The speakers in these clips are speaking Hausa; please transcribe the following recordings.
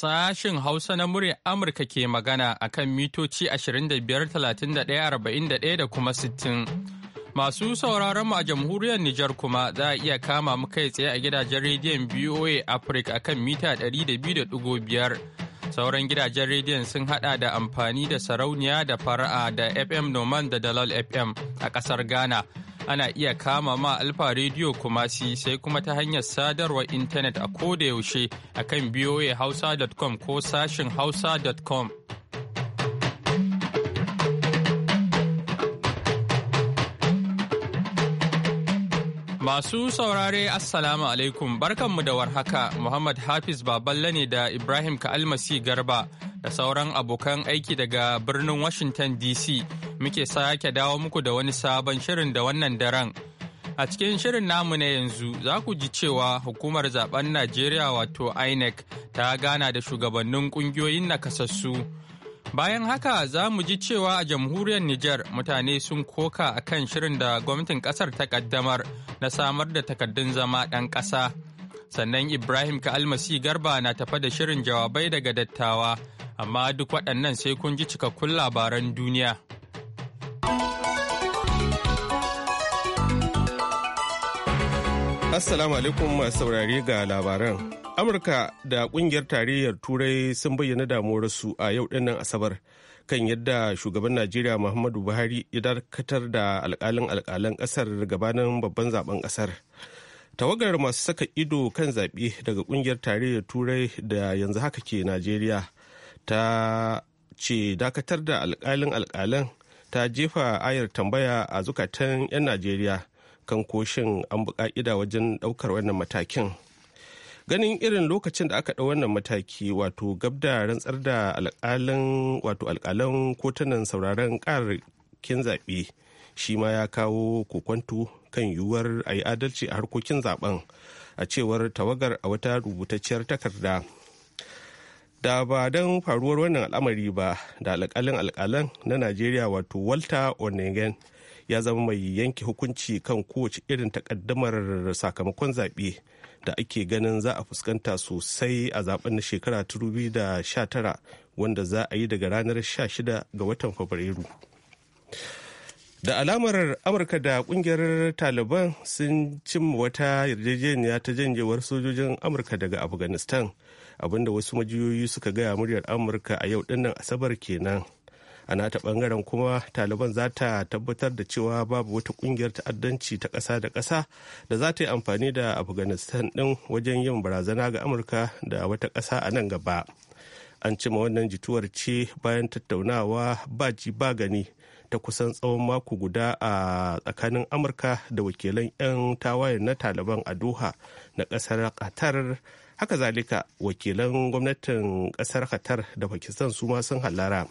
Sashin Hausa na murya Amurka ke magana a kan mitoci 25,31,41 da kuma 60. Masu sauraron mu a jamhuriyar Nijar kuma za a iya kama mu kai tsaye a gidajen rediyon BOA Africa a kan mita 200.5. Sauran gidajen rediyon sun hada da amfani da sarauniya da fara'a da FM Noman da Dalal FM a ƙasar Ghana. ana iya kama ma alfa rediyo kumasi sai kuma ta hanyar sadarwar intanet a kodayaushe a kan hausa.com ko sashin hausa.com. Masu saurare Assalamu alaikum barkanmu da warhaka Muhammad Hafiz Baballe ne da Ibrahim Ka'almasi Garba da sauran abokan aiki daga birnin Washington DC muke sake dawo muku da wani sabon shirin da wannan daren. A cikin shirin namu na yanzu za ku ji cewa hukumar zaben Najeriya wato INEC ta gana da shugabannin kungiyoyin nakasassu. Bayan haka za mu ji cewa a jamhuriyar Nijar mutane sun koka a kan shirin da gwamnatin kasar ta kaddamar na samar da takardun zama ɗan ƙasa. Sannan Ibrahim ka almasi Garba na tafa da shirin jawabai daga dattawa, amma duk waɗannan sai kun ji cikakkun labaran duniya. Assalamu alaikum masu saurari ga labaran. Amurka da kungiyar tarayyar Turai sun bayyana damuwarsu a yau dinnan Asabar kan yadda shugaban Najeriya Muhammadu Buhari ya dakatar da alkalin alkalan kasar gabanin babban zaben ƙasar. Tawagar masu saka ido kan zaɓe daga kungiyar tarayyar Turai da yanzu haka ke Najeriya ta ce dakatar da alkalin alkalan ta jefa ayar tambaya a zukatan 'yan Najeriya. kan koshin an buƙa'ida wajen ɗaukar wannan matakin ganin irin lokacin da aka ɗau wannan mataki wato gab rantsar da alƙalin wato alƙalan kotunan sauraron ƙararrakin zaɓe shi ma ya kawo kokwanto kan yiwuwar a yi adalci a harkokin zaɓen, a cewar tawagar a wata rubutacciyar takarda da ba don faruwar wannan al'amari ba da alƙalin alƙalan na najeriya wato walter onegen ya zama mai yanke hukunci kan kowace irin takaddamar sakamakon zaɓe da ake ganin za a fuskanta sosai a zaben na shekara 2019 wanda za a yi daga ranar shida ga watan fabrairu da alamar amurka da kungiyar taliban sun cimma wata yarjejeniya ta janyewar sojojin amurka daga afghanistan abinda wasu majiyoyi suka gaya muryar amurka a yau dinnan asabar kenan a nata bangaren kuma taliban za ta tabbatar da cewa babu wata kungiyar ta'addanci ta ƙasa da ƙasa da za ta yi amfani da afghanistan ɗin wajen yin barazana ga amurka da wata ƙasa a nan gaba an cima wannan jituwar ce bayan tattaunawa ba ji ba gani ta kusan tsawon mako guda a tsakanin amurka da wakilan 'yan tawayen na taliban a doha na ƙasar qatar haka zalika wakilan gwamnatin ƙasar qatar da pakistan su ma sun halara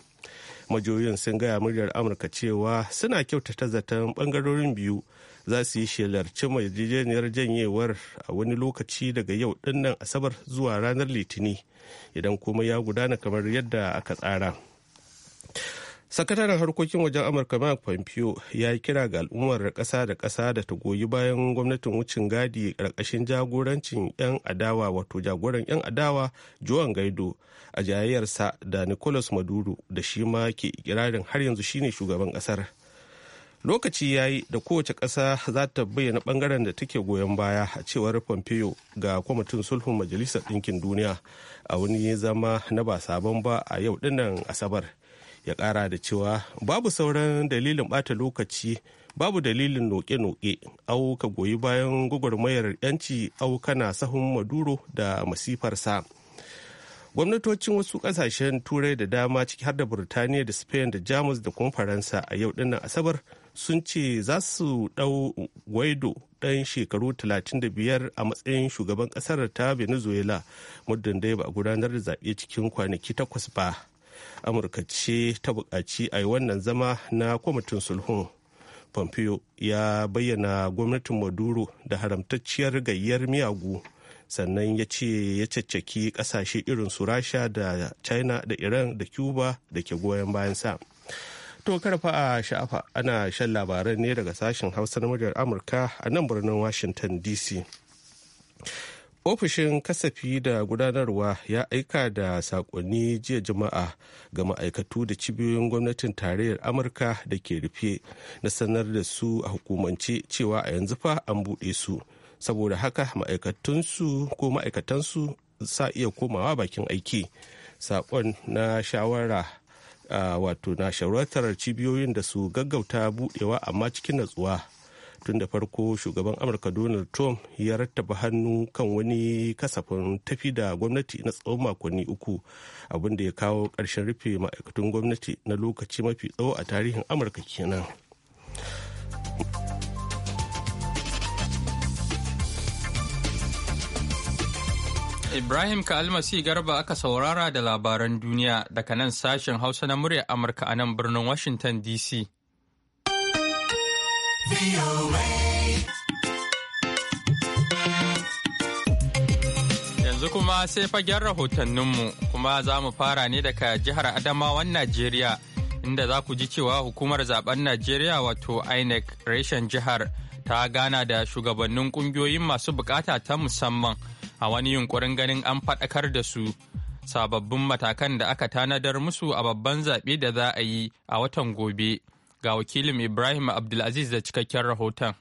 majoyin sun gaya muryar amurka cewa suna kyautata zaton bangarorin biyu za su yi shelar cimma yarjejeniyar janyewar a wani lokaci daga yau dinnan asabar zuwa ranar litini idan kuma ya gudana kamar yadda aka tsara sakataren harkokin wajen amurka mike pompeo ya yi kira ga al'ummar ƙasa da ƙasa da ta goyi bayan gwamnatin wucin gadi ƙarƙashin jagorancin 'yan adawa wato jagoran 'yan adawa juan gaido a jayayyarsa da nicolas maduro da shi ma ke ikirarin har yanzu shine shugaban ƙasar lokaci ya yi da kowace ƙasa za ta bayyana bangaren da take goyon baya a cewar pompeo ga kwamitin sulhun majalisar ɗinkin duniya a wani zama na ba sabon ba a yau dinnan asabar ya kara da cewa babu sauran dalilin bata lokaci babu dalilin noke-noke au ka goyi bayan gwagwarmayar yanci au kana sahun maduro da masifarsa gwamnatocin wasu kasashen turai da dama ciki har da burtaniya da spain da jamus da kuma faransa a yau dinnan asabar sun ce za su dau guaido dan shekaru 35 a matsayin shugaban kasar ta venezuela muddin dai ba a gudanar da zaɓe cikin kwanaki takwas ba amurka ce ta buƙaci a yi wannan zama na kwamitin sulhun pompeo ya bayyana gwamnatin maduro da haramtacciyar gayyar miyagu sannan ya ce ya caccaki ƙasashe irin su rasha da china da iran da cuba da ke goyon bayan sa to karfa a sha'afa ana shan labaran ne daga sashen hausa na muryar amurka a nan birnin washington dc ofishin kasafi da gudanarwa ya aika da sakonni jiya juma'a ga ma'aikatu da cibiyoyin gwamnatin tarayyar amurka da ke rufe na sanar da su a hukumance cewa a yanzu fa an buɗe su saboda haka ma'aikatunsu ko ma'aikatansu sa iya komawa bakin aiki sakon na shawara wato na shawartar cibiyoyin da su gaggauta buɗewa amma cikin natsuwa tun da farko shugaban amurka donald trump ya rattaba hannu kan wani kasafin tafi da gwamnati na tsawon makonni uku abinda ya kawo ƙarshen rufe ma'aikatun gwamnati na lokaci mafi tsawo a tarihin amurka kenan Ibrahim Kalmasi Garba aka saurara da labaran duniya daga nan sashen Hausa na murya Amurka a nan birnin Washington DC. Yanzu kuma sai fagen rahotanninmu kuma za mu fara ne daga jihar Adamawan Najeriya inda za ku ji cewa hukumar zaben Najeriya wato INEC reshen jihar ta gana da shugabannin kungiyoyin masu bukata ta musamman a wani yunkurin ganin an faɗakar da su sababbin matakan da aka tanadar musu a babban zaɓe da za a yi a watan gobe. ga wakilin Ibrahim Abdulaziz da cikakken rahoton.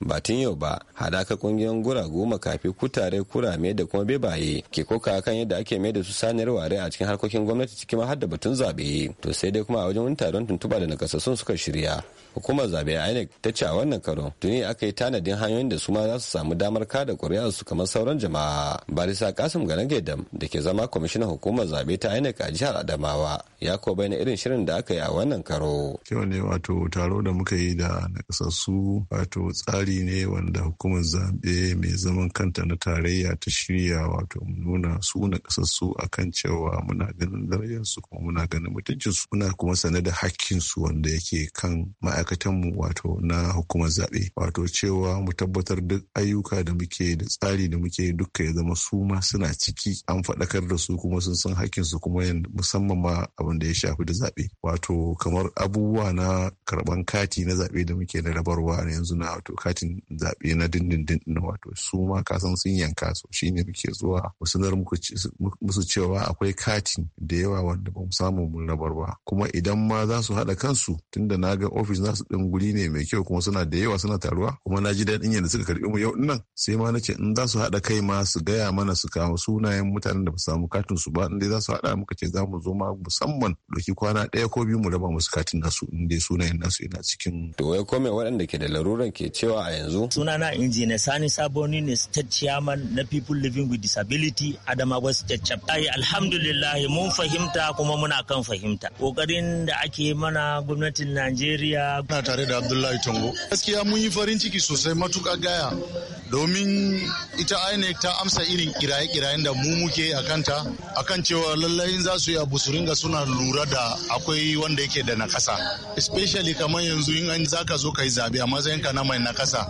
ba tun yau ba hadaka kungiyoyin guragu makafi kutare kurame da kuma bebaye ke koka kan yadda ake mai da su saniyar ware a cikin harkokin gwamnati cikin har da batun zabe to sai dai kuma a wajen wani taron tuntuba da nakasassun suka shirya hukumar zabe inec ta ce a wannan karo tuni aka yi tanadin hanyoyin da su ma za su samu damar kada ƙuri'ar su kamar sauran jama'a barisa kasim ganagedam da ke zama kwamishinan hukumar zabe ta inec a jihar adamawa ya ko na irin shirin da aka yi a wannan karo kyau ne wato taro da muka yi da nakasassu wato tsari ne wanda hukumar zabe mai zaman kanta na tarayya ta shirya wato nuna su nakasassu kan cewa muna ganin darajarsu kuma muna ganin mutuncinsu muna kuma sane da hakkinsu wanda yake kan ma'a ma'aikatanmu wato na hukumar zaɓe wato cewa mu tabbatar duk ayyuka da muke da tsari da muke dukka ya zama su ma suna ciki an faɗakar da su kuma sun san hakkin su kuma musamman ma abin da ya shafi da zaɓe wato kamar abubuwa na karɓan kati na zaɓe da muke da rabarwa na yanzu na wato katin zaɓe na dindindin na wato su ma kasan sun yanka su shine muke zuwa mu sanar musu cewa akwai kati da yawa wanda ba mu samu mun rabarwa ba kuma idan ma za su haɗa kansu tunda na ga ofis na su din guri ne mai kyau kuma suna da yawa suna taruwa kuma na ji daɗin yadda suka karɓi mu yau nan sai ma nace in za su haɗa kai ma su gaya mana su kawo sunayen mutanen da ba samu katin su ba in dai za su haɗa muka ce za mu zo ma musamman doki kwana ɗaya ko biyu mu raba musu katin nasu in dai sunayen nasu yana cikin. To wai mai waɗanda ke da laruran ke cewa a yanzu. Sunana injiniya Sani Saboni ne state chairman na people living with disability Adamawa state chapter. Alhamdulillah mun fahimta kuma muna kan fahimta. Kokarin da ake mana gwamnatin Najeriya na tare da abdullahi tango gaskiya mun yi farin ciki sosai matuka gaya domin ita inec ta amsa irin kiraye-kirayen da mu muke a kanta akan cewa lallai za su yi abu su ringa suna lura da akwai wanda yake da nakasa especially kamar yanzu in an zaka zo ka yi zabe a matsayin ka na mai nakasa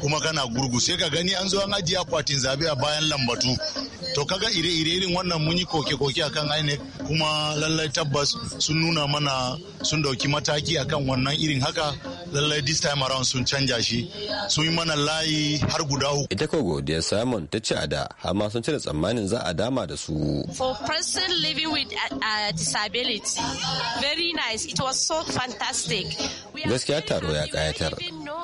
kuma kana gurgu sai ka gani an zo an ajiye akwatin zabe a bayan lambatu to kaga ire-ire irin wannan mun yi koke-koke akan inec kuma lallai tabbas sun nuna mana sun dauki mataki akan wannan irin haka lallai this time around sun canja shi sun yi mana layi har guda uku. ita ko godiya simon ta ce a da har ma sun cire tsammanin za a dama da su. for person living with a, uh, uh, disability very nice it was so fantastic. gaskiya taro ya kayatar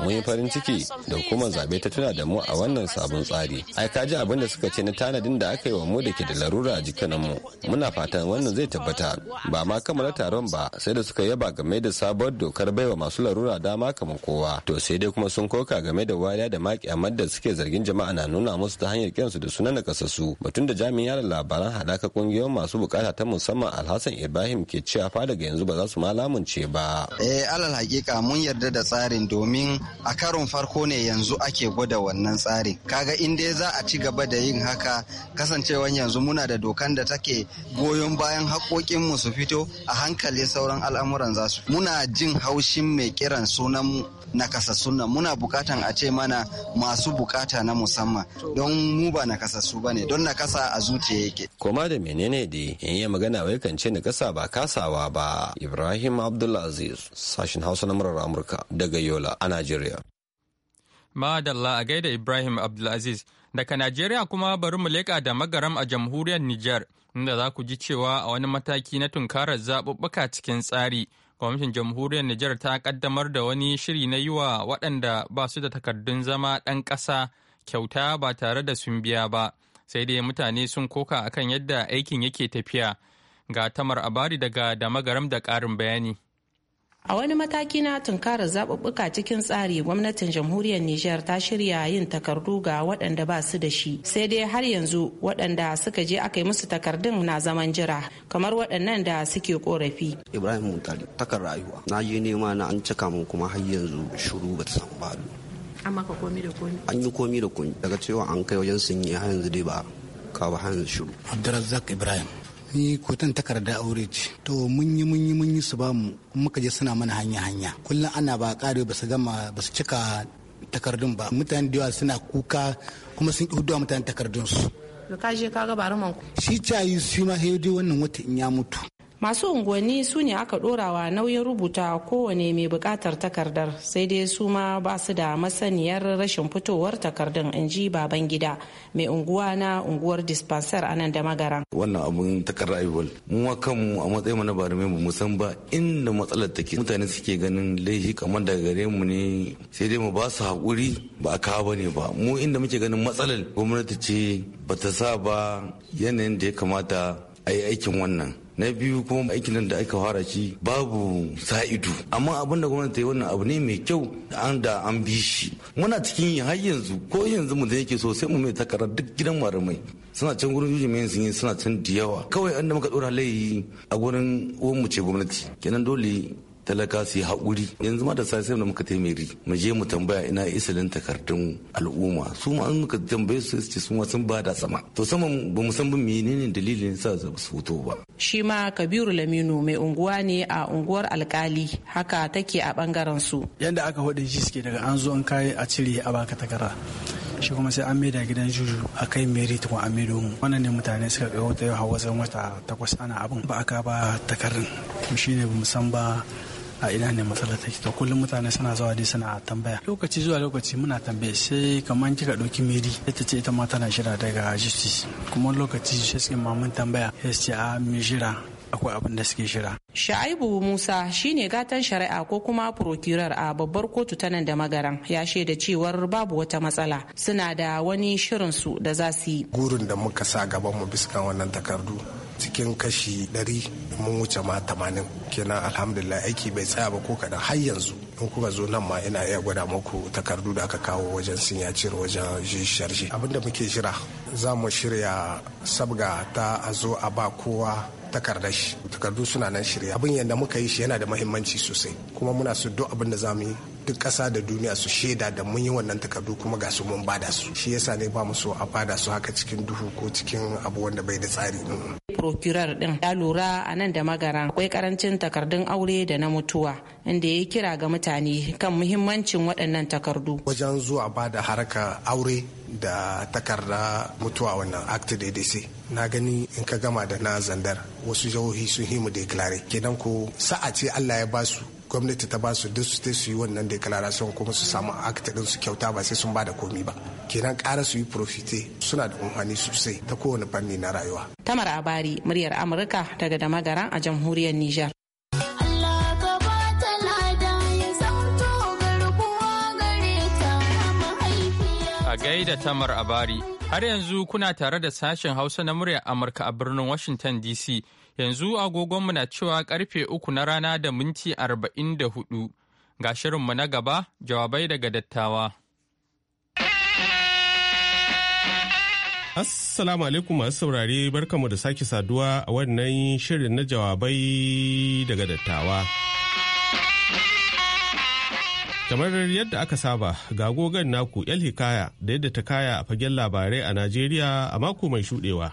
mun yi farin ciki da hukumar zabe ta tuna da mu a wannan sabon tsari ai ka ji abin da suka ce na tanadin da aka yi wa mu da ke da larura a jikinmu muna fatan wannan zai tabbata ba ma kamar taron ba sai da suka yaba game da sabuwar dokar baiwa masu larura dama dama kamar kowa to sai dai kuma sun koka game da wariya da maki amma da suke zargin jama'a na nuna musu ta hanyar kiransu da sunan nakasassu batun da jami'in yara labaran hadaka kungiyoyin masu bukata ta musamman alhassan ibrahim ke cewa fa daga yanzu ba za su malamunce ba eh alal hakika mun yarda da tsarin domin a karon farko ne yanzu ake gwada wannan tsari kaga in dai za a ci gaba da yin haka kasancewan yanzu muna da dokan da take goyon bayan haƙoƙin mu su fito a hankali sauran al'amuran za su muna jin haushin mai kiran su sunan nakasassun nan muna bukatan a ce mana masu bukata na musamman don mu ba na ba bane don nakasa a zuciya yake koma da menene da ya yi magana wai kan ce kasa ba kasawa ba ibrahim abdulaziz sashin hausa na murar amurka daga yola a najeriya madalla a gaida ibrahim abdulaziz daga najeriya kuma bari mu leƙa da magaram a jamhuriyar niger inda za ku ji cewa a wani mataki na tunkarar zaɓuɓɓuka cikin tsari Kwamishin Jamhuriyar Nijar ta kaddamar da wani shiri na yi wa waɗanda ba su da takardun zama ɗan ƙasa kyauta ba tare da sun biya ba, sai dai mutane sun koka akan yadda aikin yake tafiya. Ga tamar abari daga da magaram da ƙarin bayani. A wani mataki na tunkarar zaɓuɓɓuka cikin tsari gwamnatin jamhuriyar Nijar ta shirya yin takardu ga waɗanda ba su da shi. Sai dai har yanzu waɗanda suka je aka yi musu takardun na zaman jira kamar waɗannan da suke korafi. Ibrahim Mutali takar rayuwa na je nema na an cika min kuma har yanzu shuru ba ta samu ba. An maka komi da komi. An yi komi da komi daga cewa an kai wajen sun yi har yanzu dai ba ka ba har yanzu shuru. Abdulrazak Ibrahim ni kotan takarda aure ce to mun yi mun yi mun yi su ba mu muka je suna mana hanya hanya kullum ana ba kare ba su gama ba su cika takardun ba mutane da suna kuka kuma sun ƙi mutane takardun su ka je ka ga baruman ku shi yi shi ma dai wannan wata in ya mutu masu unguwanni su ne aka ɗorawa nauyin rubuta kowane mai buƙatar takardar sai dai su ma ba su da masaniyar rashin fitowar takardun in ji baban gida mai unguwa na unguwar dispenser a nan da magaran wannan abun takardar ibol mu kanmu a matsayin na mai mu san ba inda matsalar take mutane suke ganin laifi kamar daga gare mu ne sai dai mu ba su haƙuri ba a kawo bane ba mu inda muke ganin matsalar gwamnati ce bata sa ba yanayin da ya kamata a yi aikin wannan na biyu kuma aikin da aka fara shi babu sa'idu amma abin da gwamnati ta yi wannan abu ne mai kyau an da an bi shi muna cikin har yanzu ko yanzu mu da yake so sai mu mai takarar duk gidan maramai suna can gurin yuji mai sun suna can diyawa. kawai an da muka dora layi a gurin uwan mu ce gwamnati kenan dole talaka su yi haƙuri yanzu ma da sai da muka taimiri mu je mu tambaya ina isalin takardun al'umma su ma an muka tambaye su ce su sun ba da sama to sama ba mu san menene dalilin sa su fito ba shi ma kabiru laminu mai unguwa ne a unguwar alkali haka take a bangaren su yanda aka hode shi suke daga an zo an kai a cire a baka takara shi kuma sai an maida gidan juju a kai meri tukun an maido mu wannan ne mutane suka kai wata yau wasan wata takwas ana abin ba aka ba takardun shi shine ba mu san ba a ina ne matsalar take to kullum mutane suna zuwa dai suna tambaya lokaci zuwa lokaci muna tambaya sai kamar kika ɗauki miri ita ce ita ma tana shira daga justice kuma lokaci sai suke mamun tambaya sai a mi jira akwai abin da suke shira. Sha'aibu Musa shine gatan shari'a ko kuma prokirar a babbar kotu ta nan da magaran ya shaida cewar babu wata matsala suna da wani shirin su da za su yi. Gurin da muka sa gaban mu biskan wannan takardu cikin kashi 100 mun wuce ma 80 kenan alhamdulillah aiki bai tsaya ba ko kadan har yanzu in kuka zo nan ma ina iya gwada muku takardu da aka kawo wajen cire wajen jishiyar Abin abinda muke shira za mu shirya sabga ta a zo a ba kowa takardar shi takardu suna nan shirya abin yadda muka yi shi yana da mahimmanci sosai kuma muna su duk abin da zamu yi duk ƙasa da duniya su shaida da mun yi wannan takardu kuma ga su mun bada su shi yasa ne ba mu so a bada su haka cikin duhu ko cikin abu wanda bai da tsari procurer din ya lura a nan da magara akwai karancin takardun aure da na mutuwa inda ya kira ga mutane kan muhimmancin waɗannan takardu wajen zuwa ba da haraka aure da takarda mutuwa wannan act dc na gani in ka gama da na zandar wasu jihohi sun himu declare kenan ko sa'a ce allah ya basu gwamnati ta ba su duk su su yi wannan declaration kuma su samu act din su kyauta ba sai sun ba da komi ba kenan ƙara su yi profite suna da amfani sosai ta kowane fanni na rayuwa tamar abari muryar amurka daga damagara a jamhuriyar niger a gaida tamar abari har yanzu kuna tare da sashen hausa na muryar amurka a birnin washington dc Yanzu agogonmu na cewa karfe uku na rana da minti arba'in da hudu. Ga shirinmu na gaba, jawabai daga dattawa. Assalamu alaikum masu saurare barkamu da sake saduwa a wannan shirin na jawabai daga dattawa. Kamar yadda aka saba ga gogon naku 'yan Hikaya da yadda ta kaya a fagen labarai a Najeriya a mako mai shudewa.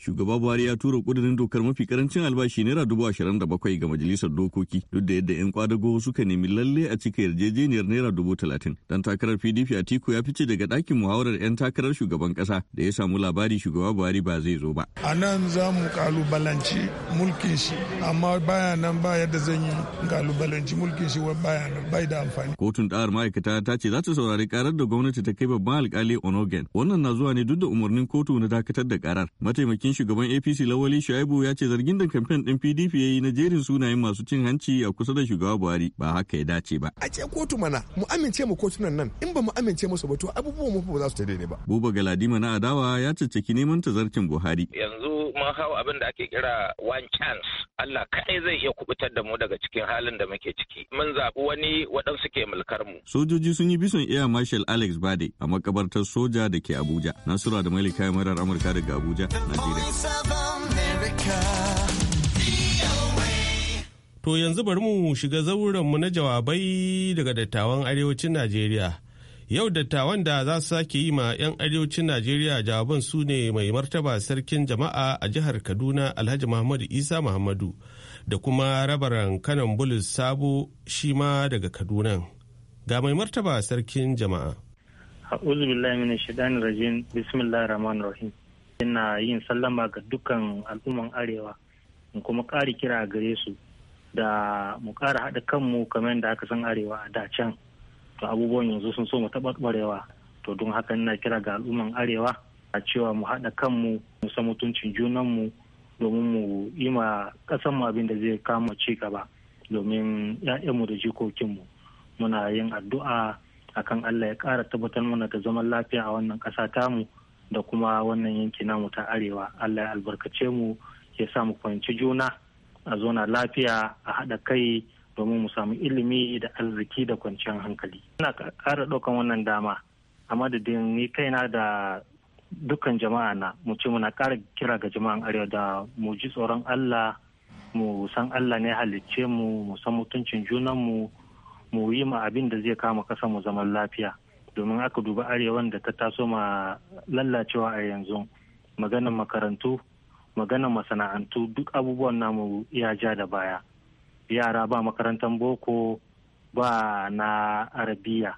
shugaba buhari ya tura kudirin dokar mafi karancin albashi naira dubu ashirin da bakwai ga majalisar dokoki duk da yadda yan kwadago suka nemi lalle a cika yarjejeniyar naira dubu talatin dan takarar pdp a tiku ya fice daga dakin muhawarar yan takarar shugaban ƙasa da ya samu labari shugaba buhari ba zai zo ba a nan za mu kalubalanci mulkin shi amma baya nan ba yadda zan yi kalubalanci mulkin shi baya nan bai da amfani kotun ɗahar ma'aikata ta ce za ta saurari karar da gwamnati ta kai babban alkali onogen wannan na zuwa ne duk da umarnin kotu na dakatar da karar mataimakin mataimakin shugaban apc lawali shu'aibu ya ce zargin da kamfen din pdp ya yi na jerin sunayen masu cin hanci a kusa da shugaba buhari ba haka ya dace ba a ce kotu mana mu amince mu kotunan nan in ba mu amince musu ba to abubuwan mu ba za su daidai ba buba galadima na adawa ya caccaki neman tazarcin buhari yanzu mun hau abin da ake kira one chance Allah kaɗai zai iya kubutar da mu daga cikin halin da muke ciki. Mun zaɓi wani waɗansu ke mulkar mu. Sojoji sun yi bison Air Marshal Alex Bade a makabartar soja da ke Abuja. Nasura da Malika marar Amurka daga Abuja, Najeriya. To yanzu bari mu shiga zaurenmu na jawabai daga dattawan arewacin Najeriya. Yau dattawan da za su sake yi ma 'yan arewacin Najeriya jawaban su ne mai martaba sarkin jama'a a jihar Kaduna Alhaji Muhammadu Isa Muhammadu da kuma rabaran kanan bulus sabo shi ma daga Kaduna. Ga mai martaba sarkin jama'a. A'udhu billahi rajin, Rahman rahim. ina yin sallama ga dukkan al'umman arewa in kuma ƙari kira gare su da mu ƙara haɗa kanmu kamar yadda aka san arewa a da can to abubuwan yanzu sun so mu ɓarewa to don haka ina kira ga al'umman arewa a cewa mu haɗa kanmu mu san mutuncin junanmu domin mu yi ma ƙasan mu abin da zai kama ci gaba domin mu da jikokinmu muna yin addu'a akan Allah ya ƙara tabbatar mana da zaman lafiya a wannan ƙasa tamu da kuma wannan yanki namu ta arewa allah ya albarkace mu ya sa mu kwanci juna a zona lafiya a haɗa kai domin mu samu ilimi da arziki da kwanciyar hankali ina ƙara ɗaukan wannan dama a madadin ni kaina da dukkan jama'a na mu ce muna kara kira ga jama'an arewa da mu ji tsoron allah mu san allah ne halicce mu mu san mutuncin junanmu mu yi ma abin da zai kama kasa mu zaman lafiya domin aka duba arewan da ta taso ma lallacewa a yanzu maganan makarantu maganan masana'antu duk abubuwan namu ya ja da baya yara ba makarantar boko ba na arabiya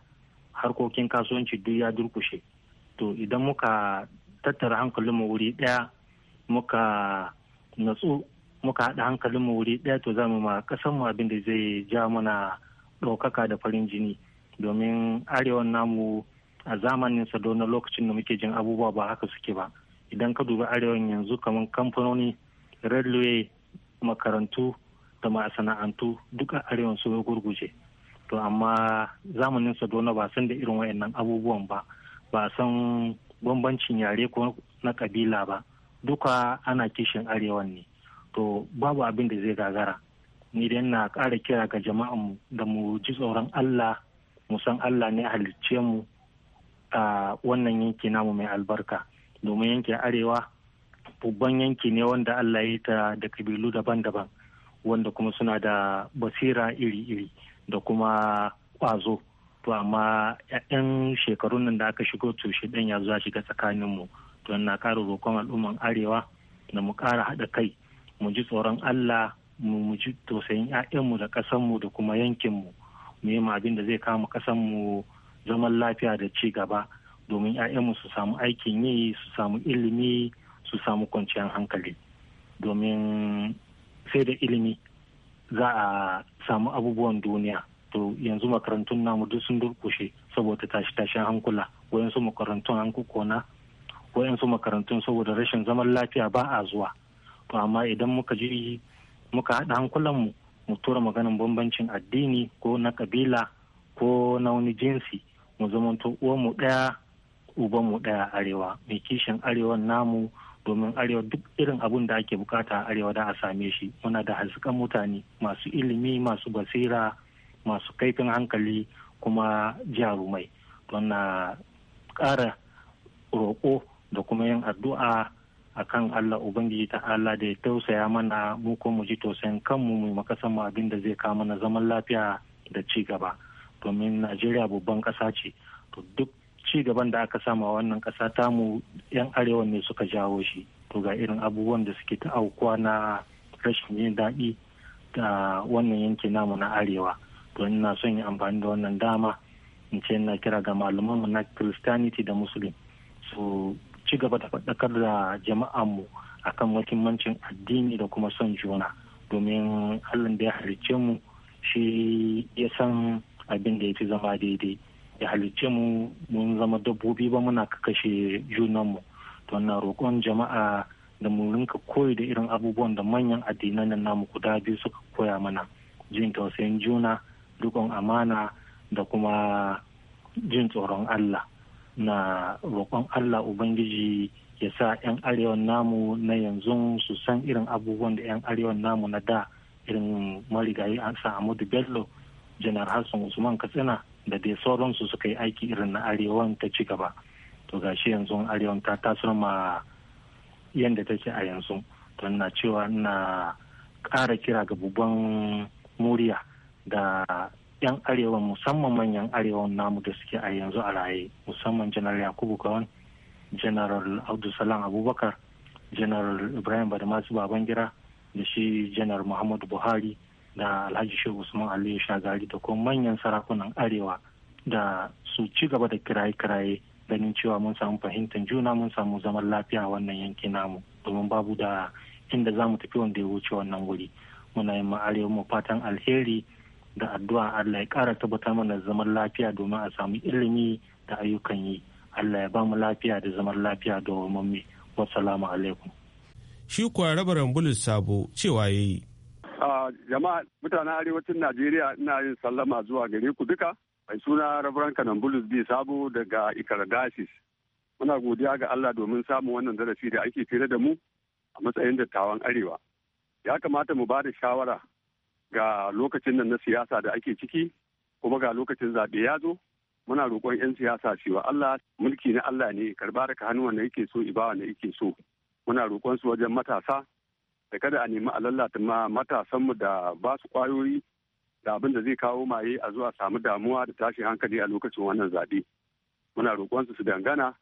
harkokin kasuwanci duk ya durkushe to idan muka tattara hankalinmu wuri ɗaya muka natsu muka haɗa hankalinmu wuri ɗaya to za mu ma ƙasanmu abin da zai ja mana ɗaukaka da farin jini domin arewan namu a zamanin sa na lokacin da muke jin abubuwa ba haka suke ba idan ka dubi arewan yanzu kamar kamfanoni railway makarantu da masana'antu duka a arewan su gurguje to amma zamanin sa na ba san da irin wayannan abubuwan ba ba san bambancin yare ko na kabila ba duka ana kishin arewa ne to babu abin da zai gagara ni dai na ƙara kira ga jama'an da mu ji tsoron Allah mu san allah ne halicce mu a wannan yanki namu mai albarka domin yankin arewa babban yanki ne wanda allah ya ta da kabilu daban-daban wanda kuma suna da basira iri-iri da kuma kwazo to amma 'yan shekarun nan da aka shigo tushe ɗan ya zuwa shiga tsakanin mu to na ƙara roƙon al'umman arewa da mu ƙara haɗa kai mu ji tsoron allah mu ji tausayin 'ya'yanmu da ƙasanmu da kuma yankinmu mu abin da zai kama mu zaman lafiya da ci gaba domin 'ya'yanmu su samu aikin yi su samu ilimi su samu kwanciyar hankali domin sai da ilimi za a samu abubuwan duniya to yanzu makarantun namu duk sun durkushe saboda tashi-tashin hankula wayansu makarantun an kukona wayansu makarantun saboda rashin zaman lafiya ba a zuwa to amma idan muka ji muka haɗa hankulanmu mu tura maganin bambancin addini ko na kabila ko na wani jinsi mu zamanto uwanmu ɗaya mu ɗaya arewa mai kishin arewa namu domin arewa duk irin abun da ake bukata a arewa da a same shi muna da hasukan mutane masu ilimi masu basira masu kaifin hankali kuma jarumai don na ƙara roƙo da kuma yin addu'a akan Allah Ubangiji ta Allah da ya tausaya mana mu ko mu ji tausayin kanmu mu makasan mu abin da zai kawo mana zaman lafiya da ci gaba domin Najeriya babban ƙasa ce to duk ci gaban da aka sama wannan ƙasa tamu 'yan arewa ne suka jawo shi to ga irin abubuwan da suke ta aukuwa na rashin yin daɗi da wannan yanki namu na arewa to ina son yi amfani da wannan dama in ce na kira ga malamanmu na christianity da muslim so ci gaba da faɗakar da jama'anmu kan muhimmancin addini da kuma son juna domin allah da ya halicce mu shi ya san abin da ya fi zama daidai ya halicce mu mun zama dabbobi ba muna kakashe junanmu to na roƙon jama'a da mu rinka koyi da irin abubuwan da manyan addinan nan namu guda biyu suka koya mana jin tausayin juna rikon amana da kuma jin tsoron Allah na roƙon allah ubangiji ya sa 'yan arewan namu na yanzu su san irin abubuwan da 'yan arewan namu na da irin marigayi a Amadu bello janar hassan usman katsina da dai sauransu suka yi aiki irin na arewan ta ci gaba to gashi yanzu arewan ta tasar ma yadda take a yanzu to na cewa na ƙara kira ga buban muriya da 'yan arewa musamman manyan arewa namu da suke a yanzu a raye musamman janar yakubu kawan janar abdulsalam abubakar janar ibrahim badamasu babangira da shi janar muhammadu buhari da alhaji shehu usman aliyu shagari da kuma manyan sarakunan arewa da su ci gaba da kiraye-kiraye ganin cewa mun samu fahimtar juna mun samu zaman lafiya wannan yanki namu domin babu da inda za mu tafi wanda ya wuce wannan wuri muna yin arewa mu fatan alheri da addu'a Allah ya ƙara tabbatar mana zaman lafiya domin a samu ilimi da ayyukan yi Allah ya ba mu lafiya da zaman lafiya da wamamme wassalamu alaikum shi kuwa rabaran bulus sabo cewa ya yi jama'a mutanen arewacin najeriya ina yin sallama zuwa gare ku duka mai suna rabaran kanan bulus bi sabo daga ikaradasis muna godiya ga allah domin samun wannan darasi da ake fira da mu a matsayin dattawan arewa ya kamata mu ba da shawara ga lokacin nan na siyasa da ake ciki kuma ga lokacin zaɓe ya zo muna roƙon 'yan siyasa cewa Allah mulki na Allah ne karba ka hannu wanda yake so ibawa wanda yake so muna roƙon su wajen matasa da kada a nemi a matasan matasanmu da ba su ƙwayoyi da abin da zai kawo maye a zuwa samu damuwa da tashin hankali a lokacin wannan zaɓe muna roƙon su su dangana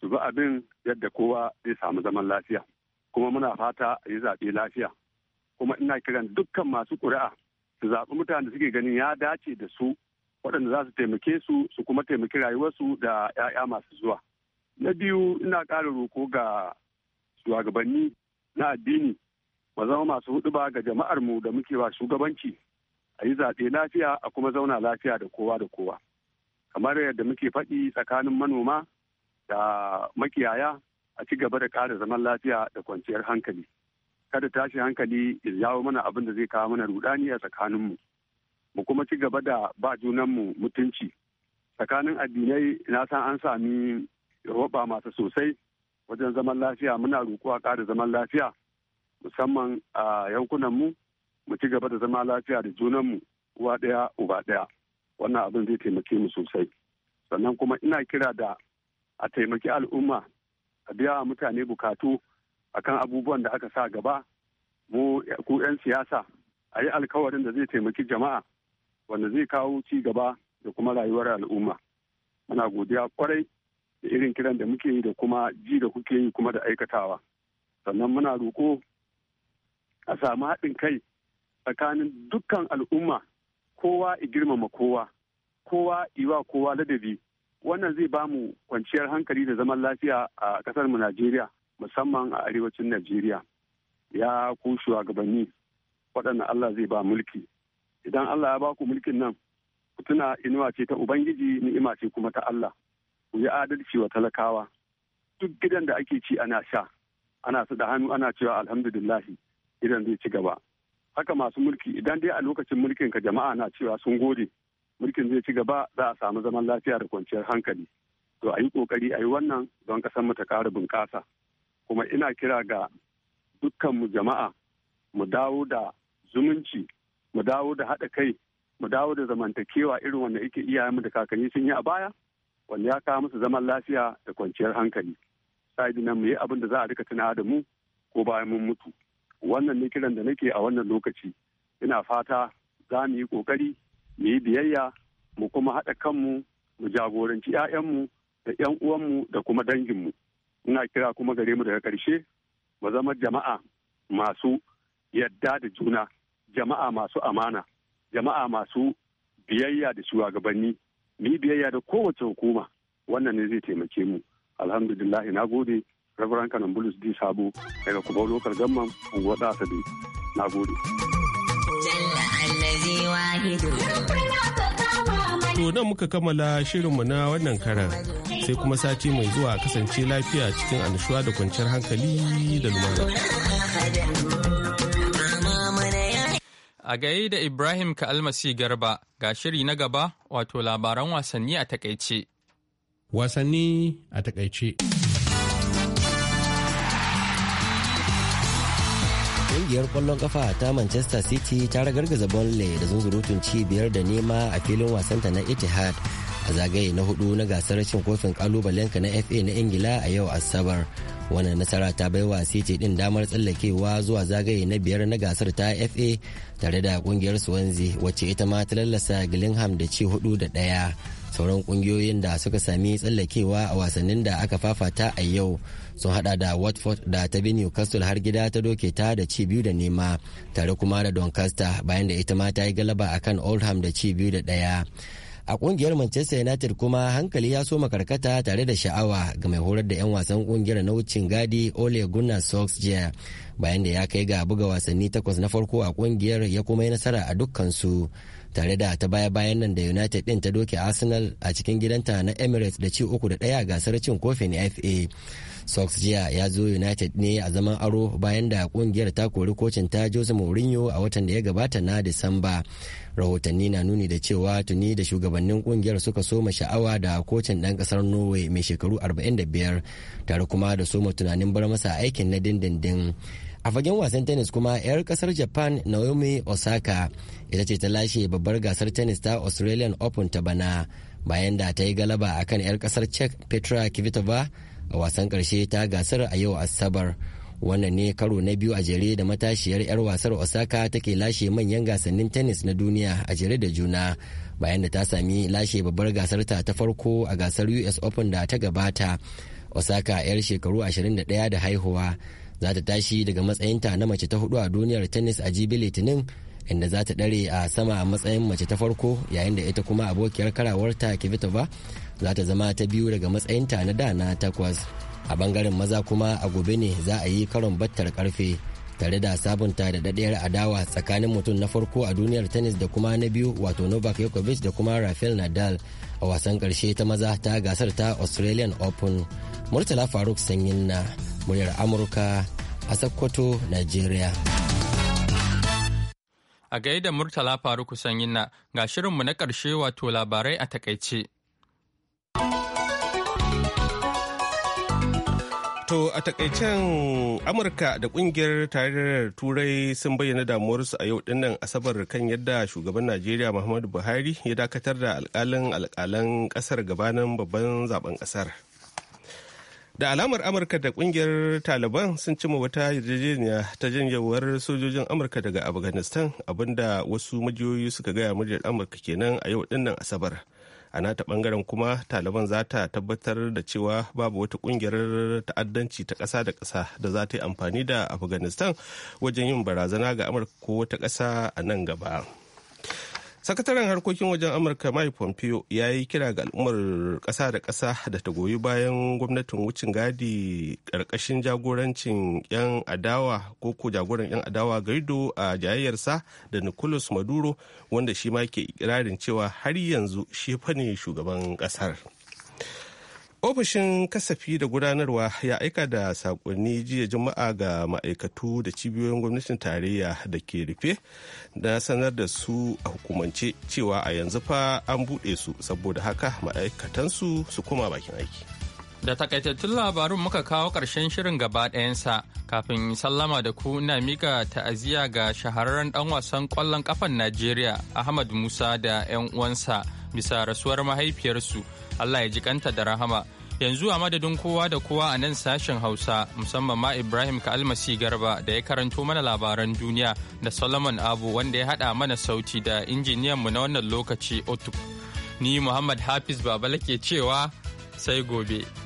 su bi abin yadda kowa zai samu zaman lafiya kuma muna fata a yi zaɓe lafiya kuma ina kiran dukkan masu ƙuri'a su zaɓi mutanen da suke ganin ya dace da su waɗanda za su taimake su su kuma taimaki rayuwarsu da 'ya'ya masu zuwa. Na biyu ina ƙara roko ga shugabanni na addini ba zama masu hudu ba ga jama'ar mu da muke wa shugabanci a yi zaɓe lafiya a kuma zauna lafiya da kowa da kowa. Kamar yadda muke faɗi tsakanin manoma da makiyaya a ci gaba da ƙara zaman lafiya da kwanciyar hankali. kada tashi hankali ya jawo mana abin da zai kawo mana rudani a tsakaninmu mu kuma ci gaba da ba junanmu mutunci tsakanin addinai na san an sami roba masu sosai wajen zaman lafiya muna rukuwa a ƙara zaman lafiya musamman a yankunanmu mu ci gaba da zama lafiya da junanmu uwa ɗaya uba ɗaya wannan abin zai taimake mu sosai sannan kuma ina kira da a taimaki al'umma a biya mutane bukatu akan abubuwan da aka sa gaba mu ku 'yan siyasa a yi alkawarin da zai taimaki jama'a wanda zai kawo ci gaba da kuma rayuwar al'umma muna godiya kwarai da irin kiran da muke yi da kuma ji da kuke yi kuma da aikatawa sannan muna roko a samu haɗin kai tsakanin dukkan al'umma kowa i girmama kowa kowa iwa kowa ladabi wannan zai ba mu kwanciyar hankali da zaman lafiya a ƙasar mu najeriya musamman a arewacin najeriya ya ku shugabanni waɗanda allah zai ba mulki idan allah ya ba ku mulkin nan ku tuna inuwa ce ta ubangiji ni'ima ce kuma ta allah ku yi adalci wa talakawa duk gidan da ake ci ana sha ana su da hannu ana cewa alhamdulillahi idan zai ci gaba haka masu mulki idan dai a lokacin mulkin ka jama'a na cewa sun gode mulkin zai ci gaba za a samu zaman lafiya da kwanciyar hankali to a yi kokari a yi wannan don ƙasar mu ta ƙara bunƙasa kuma ina kira ga dukkanmu jama'a mu dawo da zumunci mu dawo da haɗa kai mu dawo da zamantakewa irin wanda yake mu da kakanni sun yi a baya wanda ya kawo musu zaman lafiya da kwanciyar hankali sai nan mu yi abin da za a rika tuna da mu ko bayan mun mutu wannan ne kiran da nake a wannan lokaci ina fata za mu yi kokari mu yi biyayya mu kuma haɗa kanmu mu jagoranci 'ya'yanmu da 'yan uwanmu da kuma danginmu ina kira kuma gare mu daga karshe mu zama jama'a masu yadda da juna jama'a masu amana jama'a masu biyayya da shugabanni ni biyayya da kowace hukuma wannan ne zai taimake mu alhamdulillah na gode rabaran kanan bulus di sabo daga kuma lokal gamman unguwa asabe na gode to nan muka kammala shirinmu na wannan karar sai kuma sati mai zuwa kasance lafiya cikin alishuwa da kwanciyar hankali da lumana. A gaye da Ibrahim Ka'almasi Garba ga shiri na gaba wato labaran wasanni a takaice. Wasanni a takaice. Ƙungiyar kwallon kafa ta manchester city ta ragargaza Burnley da zunzurutun ci biyar da nema a filin wasanta na etihad a zagaye na hudu na gasar cin kofin kalubalenka na fa na ingila a yau asabar wannan nasara ta bai wa city din damar tsallakewa zuwa zagaye na biyar na gasar ta fa tare da kungiyar swansea wacce ita ma ta lallasa gillingham da ci hudu da daya sauran kungiyoyin da suka sami tsallakewa a wasannin da aka fafata a yau sun hada da watford da ta bi newcastle har gida ta doke ta da ci biyu da nema tare kuma da doncaster bayan da ita ma ta yi galaba akan oldham da ci biyu da daya a kungiyar manchester united kuma hankali ya soma karkata tare da sha'awa ga mai horar da 'yan wasan kungiyar na wucin gadi ole gunnar solskjaer bayan da ya kai ga buga wasanni takwas na farko a kungiyar ya kuma yi nasara a dukkansu tare da ta baya bayan nan da united din ta doke arsenal a cikin gidanta na emirates da ci uku da ɗaya gasar cin kofin fa sox jiya ya zo united ne a zaman aro bayan da kungiyar ta kori kocin ta jose mourinho a watan da ya gabata na disamba rahotanni na nuni da cewa tuni da shugabannin kungiyar suka soma sha'awa da kocin dan kasar norway mai shekaru 45 tare kuma da soma tunanin bar masa aikin na dindindin a fagen wasan tennis kuma 'yar kasar japan naomi osaka ita ce ta lashe babbar gasar tennis ta australian open ta bana bayan da ta yi galaba akan 'yar kasar czech petra kvitova a wasan karshe ta gasar a yau asabar wannan ne karo na biyu a jere da matashiyar 'yar wasar osaka take lashe manyan gasannin tennis na duniya a jere da juna bayan da ta sami lashe babbar gasar ta ta farko a gasar us open da ta gabata osaka 'yar shekaru 21 da haihuwa za ta tashi daga matsayinta na mace ta hudu a duniyar tennis a jibi litinin inda za ta ɗare a sama a matsayin mace ta farko yayin da ita kuma abokiyar karawarta Kivitova za ta zama ta biyu daga matsayinta na da na takwas. A bangaren maza kuma a gobe ne za a yi karon battar karfe tare da sabunta da daɗayar adawa tsakanin mutum na farko a duniyar tennis da kuma na biyu wato Novak Djokovic da kuma Rafael Nadal a wasan ƙarshe ta maza ta gasar ta Australian Open. Murtala Faruk Sanyin na muryar Amurka a Sokoto, Nigeria. a da Murtala Faruku Sanyinna ga shirinmu na ƙarshe wato labarai a takaice. To a takaicen Amurka da kungiyar tarayyar Turai sun bayyana damuwarsu a yau dinnan Asabar kan yadda shugaban Najeriya Muhammadu Buhari ya dakatar da alƙalin alƙalan ƙasar gabanin babban zaben ƙasar. da alamar amurka da kungiyar taliban sun cima wata yarjejeniya ta janyewar sojojin amurka daga afghanistan abinda wasu majiyoyi suka gaya muryar amurka kenan a yau dinnan asabar a nata bangaren kuma taliban za ta tabbatar da cewa babu wata kungiyar ta'addanci ta kasa da kasa da za ta yi amfani da afghanistan wajen yin barazana ga amurka ko wata kasa a nan gaba sakataren harkokin wajen amurka mike pompeo ya yi kira ga al'ummar ƙasa da ƙasa da ta goyi bayan gwamnatin wucin gadi ƙarƙashin jagorancin 'yan adawa koko jagoran 'yan adawa gaido a jayayyarsa da nicolas maduro wanda shi ma ke ikirarin cewa har yanzu shi ne shugaban ƙasar. ofishin kasafi da gudanarwa ya aika da sakonni jiya juma'a ga ma'aikatu da cibiyoyin gwamnatin tarayya da ke rufe da sanar da su a hukumance cewa a yanzu fa an buɗe su saboda haka ma'aikatansu su koma bakin aiki da takaitattun labarun muka kawo ƙarshen shirin gaba ɗayansa kafin sallama da ku na mika ta'aziyya ga shahararren ɗan wasan ƙwallon ƙafan najeriya ahmad musa da 'yan uwansa bisa rasuwar mahaifiyarsu Allah ya ji kanta da rahama yanzu a madadin kowa da kowa a nan sashen hausa musamman ma ibrahim kalmasi garba da ya karanto mana labaran duniya da solomon abu wanda ya haɗa mana sauti da injiniyan mu na wannan lokaci otu ni muhammad hafiz babala ke cewa sai gobe